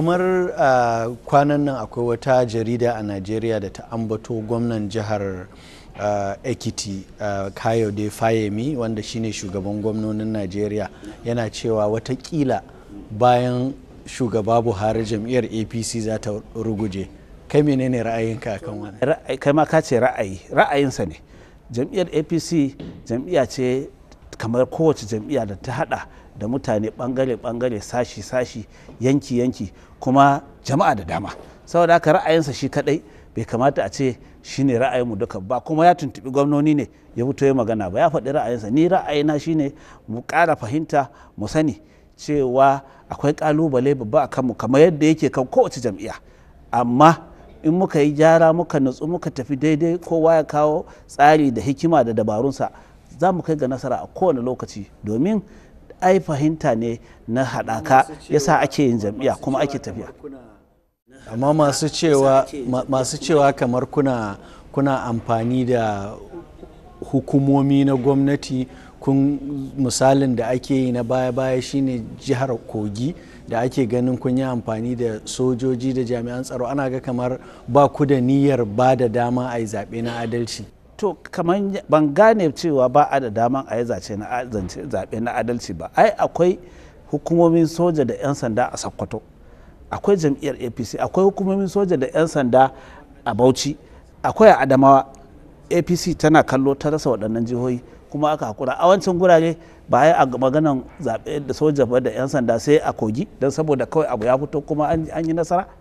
kamar a ah, kwanan nan akwai wata jarida a najeriya da ta ambato gwamnan jihar ah, ekiti uh, kayode fayemi wanda shine shugaban gwamnonin najeriya yana cewa watakila bayan shugaba buhari jam'iyyar apc za ta ruguje kai menene ra'ayinka kan wani kai ma ka ce ra'ayi ra'ayinsa ne jam'iyyar apc jam'iyya ce kamar kowace jam'iyya da ta hada da mutane bangare-bangare sashi-sashi yanki-yanki kuma jama'a da dama saboda haka ra'ayinsa shi kadai bai kamata a ce shi ne mu duka ba kuma ya tuntubi gwamnoni ne ya fito ya magana ba ya faɗi ra'ayinsa ni ra'ayina shi ne mu ƙara fahimta mu sani cewa akwai ƙalubale babba a kanmu kamar yadda yake kan kowace jam'iyya amma in muka yi gyara muka nutsu muka tafi daidai kowa ya kawo tsari da hikima da dabarunsa za mu kai ga nasara a kowane lokaci domin ai fahimta ne na haɗaka yasa ake yin jam'iyya kuma ake tafiya amma masu cewa masu cewa kamar kuna kuna amfani da hukumomi na gwamnati kun misalin da ake yi na baya-baya shine jihar kogi da ake ganin kun yi amfani da sojoji da jami'an tsaro ana ga kamar ba ku da niyyar ba da dama a yi zaɓe na adalci to kamar ban gane cewa ba a da daman a yi zace na zance zaɓe na adalci ba ai akwai hukumomin soja da 'yan sanda a sakkwato akwai jam'iyyar apc akwai hukumomin soja da 'yan sanda a bauchi akwai a adamawa apc tana kallo ta rasa waɗannan jihohi kuma aka hakura a wancan gurare ba ya a maganan zaɓe da soja ba da 'yan sanda sai a kogi don saboda kawai abu ya fito kuma an yi nasara